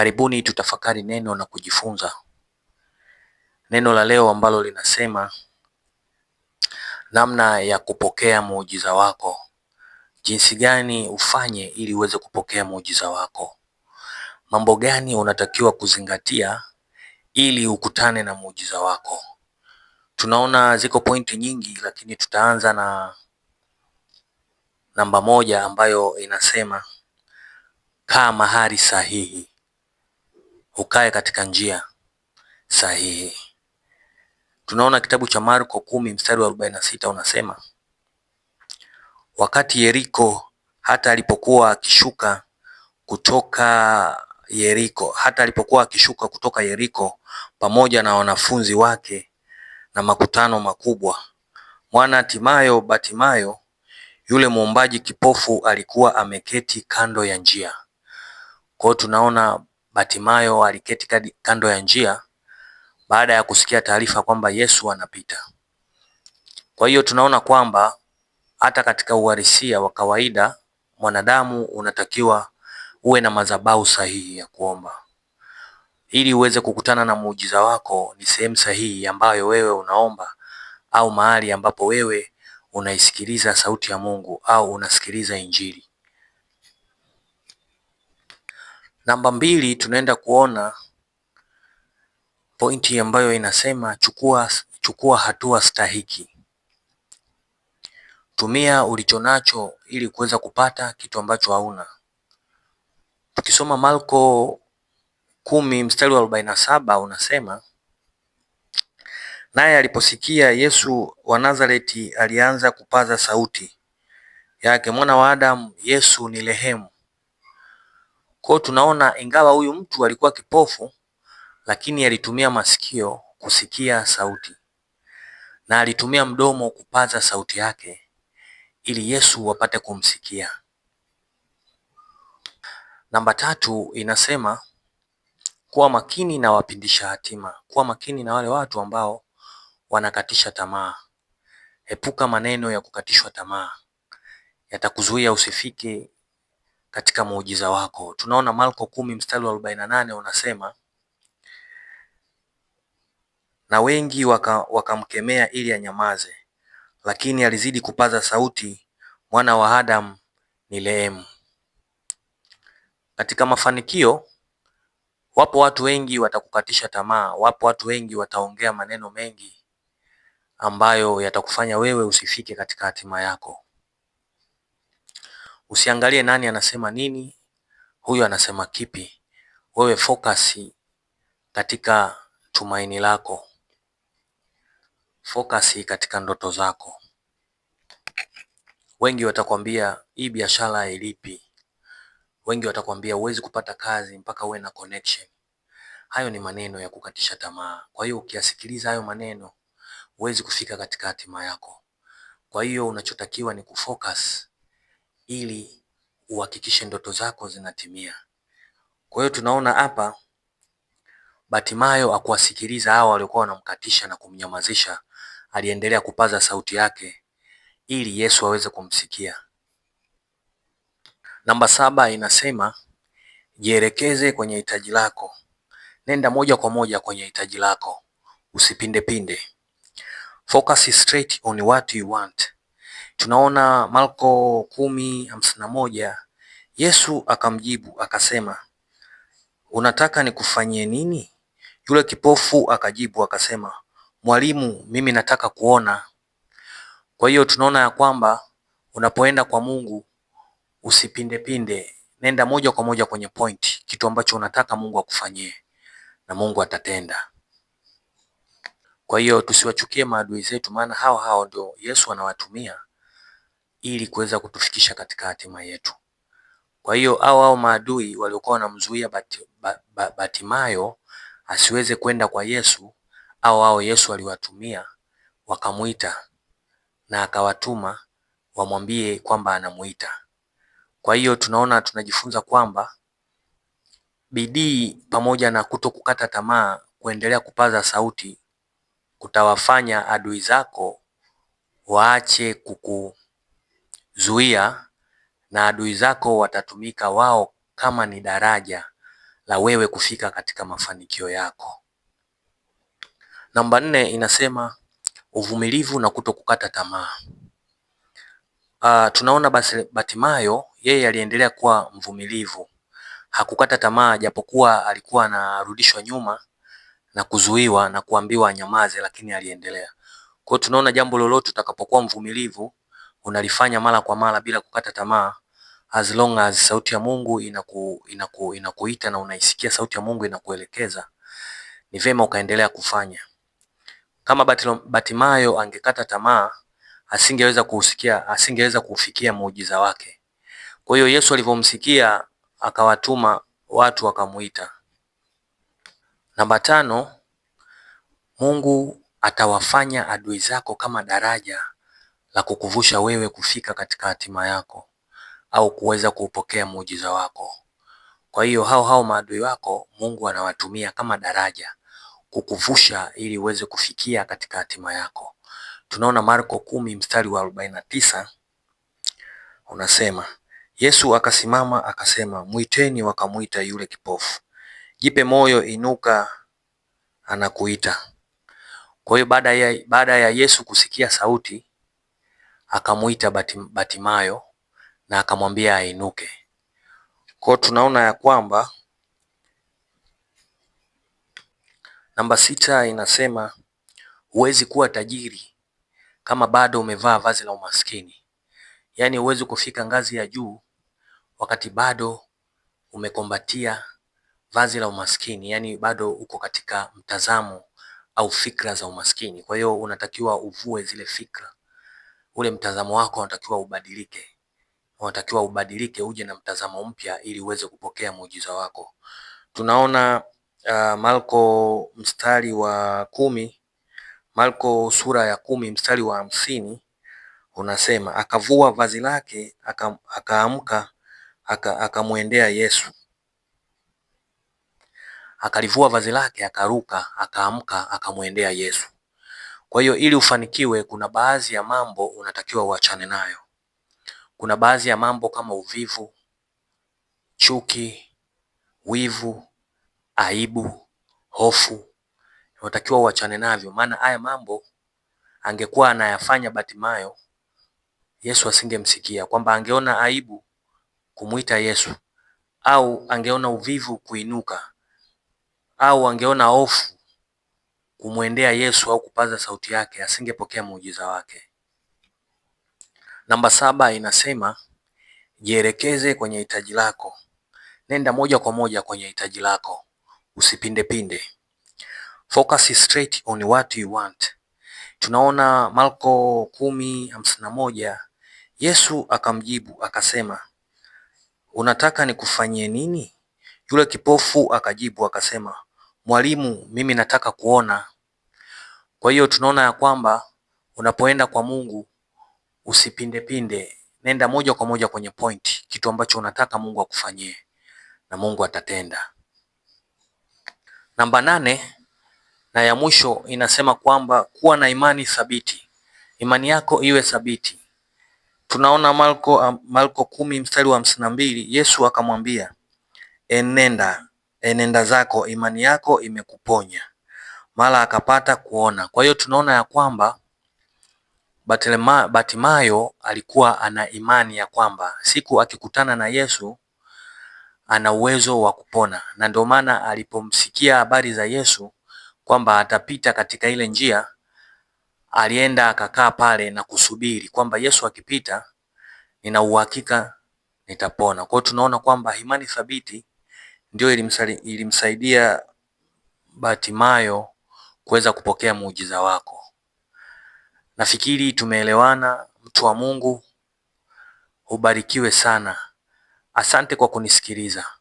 Karibuni tutafakari neno na kujifunza neno la leo ambalo linasema namna ya kupokea muujiza wako, jinsi gani ufanye ili uweze kupokea muujiza wako, mambo gani unatakiwa kuzingatia ili ukutane na muujiza wako. Tunaona ziko pointi nyingi, lakini tutaanza na namba moja ambayo inasema kaa mahali sahihi ukae katika njia sahihi. Tunaona kitabu cha Marko kumi mstari wa arobaini na sita unasema, wakati Yeriko hata alipokuwa akishuka kutoka Yeriko hata alipokuwa akishuka kutoka Yeriko pamoja na wanafunzi wake na makutano makubwa, mwana Timayo Batimayo yule mwombaji kipofu alikuwa ameketi kando ya njia. Kwa tunaona Batimayo aliketi kando ya njia baada ya kusikia taarifa kwamba Yesu anapita. Kwa hiyo tunaona kwamba hata katika uhalisia wa kawaida mwanadamu unatakiwa uwe na madhabahu sahihi ya kuomba. Ili uweze kukutana na muujiza wako ni sehemu sahihi ambayo wewe unaomba au mahali ambapo wewe unaisikiliza sauti ya Mungu au unasikiliza injili. Namba mbili tunaenda kuona pointi ambayo inasema chukua, chukua hatua stahiki. Tumia ulichonacho ili kuweza kupata kitu ambacho hauna. Tukisoma Marko kumi mstari wa arobaini na saba unasema naye aliposikia Yesu wa Nazareti alianza kupaza sauti yake, mwana wa Adamu, Yesu ni rehemu. Kwa hiyo tunaona ingawa huyu mtu alikuwa kipofu, lakini alitumia masikio kusikia sauti na alitumia mdomo kupaza sauti yake ili Yesu wapate kumsikia. Namba tatu inasema kuwa makini na wapindisha hatima, kuwa makini na wale watu ambao wanakatisha tamaa. Epuka maneno ya kukatishwa tamaa, yatakuzuia usifike katika muujiza wako. Tunaona Marko kumi mstari wa arobaini na nane unasema na wengi wakamkemea waka ili anyamaze, lakini alizidi kupaza sauti, mwana wa Adamu ni lehemu. Katika mafanikio, wapo watu wengi watakukatisha tamaa, wapo watu wengi wataongea maneno mengi ambayo yatakufanya wewe usifike katika hatima yako. Usiangalie nani anasema nini, huyu anasema kipi. Wewe focus katika tumaini lako, focus katika ndoto zako. Wengi watakwambia hii biashara ilipi wengi watakwambia huwezi kupata kazi mpaka uwe na connection. Hayo ni maneno ya kukatisha tamaa. Kwa hiyo ukiyasikiliza hayo maneno, huwezi kufika katika hatima yako. Kwa hiyo unachotakiwa ni kufocus ili uhakikishe ndoto zako zinatimia. Kwa hiyo tunaona hapa Batimayo akuwasikiliza hao waliokuwa wanamkatisha na kumnyamazisha, aliendelea kupaza sauti yake ili Yesu aweze kumsikia. Namba saba inasema jielekeze kwenye hitaji lako. Nenda moja kwa moja kwenye hitaji lako, pinde. Focus straight on what you want. Tunaona Marko kumi hamsini na moja Yesu akamjibu akasema, unataka nikufanyie nini? Yule kipofu akajibu akasema, Mwalimu, mimi nataka kuona. Kwa hiyo tunaona ya kwamba unapoenda kwa Mungu usipindepinde, nenda moja kwa moja kwenye point, kitu ambacho unataka Mungu akufanyie na Mungu atatenda. Kwa hiyo tusiwachukie maadui zetu, maana hao hao ndio Yesu anawatumia ili kuweza kutufikisha katika hatima yetu. Kwa hiyo hao hao maadui waliokuwa wanamzuia batimayo asiweze kwenda kwa Yesu, hao hao Yesu aliwatumia wakamwita na akawatuma wamwambie kwamba anamuita. Kwa hiyo tunaona tunajifunza kwamba bidii pamoja na kuto kukata tamaa, kuendelea kupaza sauti kutawafanya adui zako waache kuku zuia na adui zako watatumika wao kama ni daraja la wewe kufika katika mafanikio yako. Namba nne inasema uvumilivu na kutokukata tamaa. Uh, tunaona basi Batimayo yeye aliendelea kuwa mvumilivu, hakukata tamaa, japokuwa alikuwa anarudishwa nyuma na kuzuiwa na kuambiwa anyamaze, lakini aliendelea. Kwa hiyo tunaona jambo lolote, utakapokuwa mvumilivu unalifanya mara kwa mara bila kukata tamaa as long as sauti ya Mungu inaku, inaku, inakuita na unaisikia sauti ya Mungu inakuelekeza, ni vema ukaendelea kufanya. Kama Batimayo angekata tamaa, asingeweza kusikia, asingeweza kuufikia muujiza wake. Kwa hiyo Yesu alivyomsikia akawatuma watu wakamuita. Namba tano, Mungu atawafanya adui zako kama daraja la kukuvusha wewe kufika katika hatima yako au kuweza kuupokea muujiza wako. Kwa hiyo hao hao maadui wako Mungu anawatumia kama daraja kukuvusha ili uweze kufikia katika hatima yako. Tunaona Marko kumi mstari wa arobaini na tisa unasema, Yesu akasimama akasema, mwiteni. Wakamwita yule kipofu, jipe moyo, inuka, anakuita. Kwa hiyo baada ya, baada ya Yesu kusikia sauti akamuita Batimayo na akamwambia ainuke. Kwa tunaona ya kwamba namba sita inasema huwezi kuwa tajiri kama bado umevaa vazi la umaskini, yaani huwezi kufika ngazi ya juu wakati bado umekombatia vazi la umaskini, yaani bado uko katika mtazamo au fikra za umaskini. Kwa hiyo unatakiwa uvue zile fikra ule mtazamo wako unatakiwa ubadilike, unatakiwa ubadilike uje na mtazamo mpya ili uweze kupokea muujiza wako. Tunaona uh, Marko mstari wa kumi, Marko sura ya kumi mstari wa hamsini unasema akavua vazi lake akaamka aka akamwendea aka Yesu akalivua vazi lake akaruka akaamka akamwendea Yesu. Kwa hiyo ili ufanikiwe, kuna baadhi ya mambo unatakiwa uachane nayo. Kuna baadhi ya mambo kama uvivu, chuki, wivu, aibu, hofu unatakiwa uachane navyo, maana haya mambo angekuwa anayafanya batimayo Yesu asingemsikia, kwamba angeona aibu kumwita Yesu au angeona uvivu kuinuka au angeona hofu kumwendea Yesu au kupaza sauti yake asingepokea muujiza wake. Namba saba inasema jielekeze kwenye hitaji lako. Nenda moja kwa moja kwenye hitaji lako, pinde. Focus straight on what you want. Tunaona Marko kumi hamsini na moja Yesu akamjibu akasema, unataka nikufanyie nini? Yule kipofu akajibu akasema, mwalimu, mimi nataka kuona. Kwa hiyo tunaona ya kwamba unapoenda kwa Mungu usipindepinde, nenda moja kwa moja kwenye point, kitu ambacho unataka Mungu akufanyie na Mungu atatenda. Namba nane na ya mwisho inasema kwamba kuwa na imani thabiti, imani yako iwe thabiti. Tunaona Marko Marko kumi mstari wa hamsini na mbili Yesu akamwambia enenda enenda zako, imani yako imekuponya. Mara akapata kuona. Kwa hiyo tunaona ya kwamba batimayo alikuwa ana imani ya kwamba siku akikutana na Yesu ana uwezo wa kupona, na ndio maana alipomsikia habari za Yesu kwamba atapita katika ile njia, alienda akakaa pale na kusubiri kwamba Yesu akipita, nina uhakika nitapona. Kwa hiyo tunaona kwamba imani thabiti ndio ilimsaidia Bartimayo kuweza kupokea muujiza wako. Nafikiri tumeelewana. Mtu wa Mungu, ubarikiwe sana. Asante kwa kunisikiliza.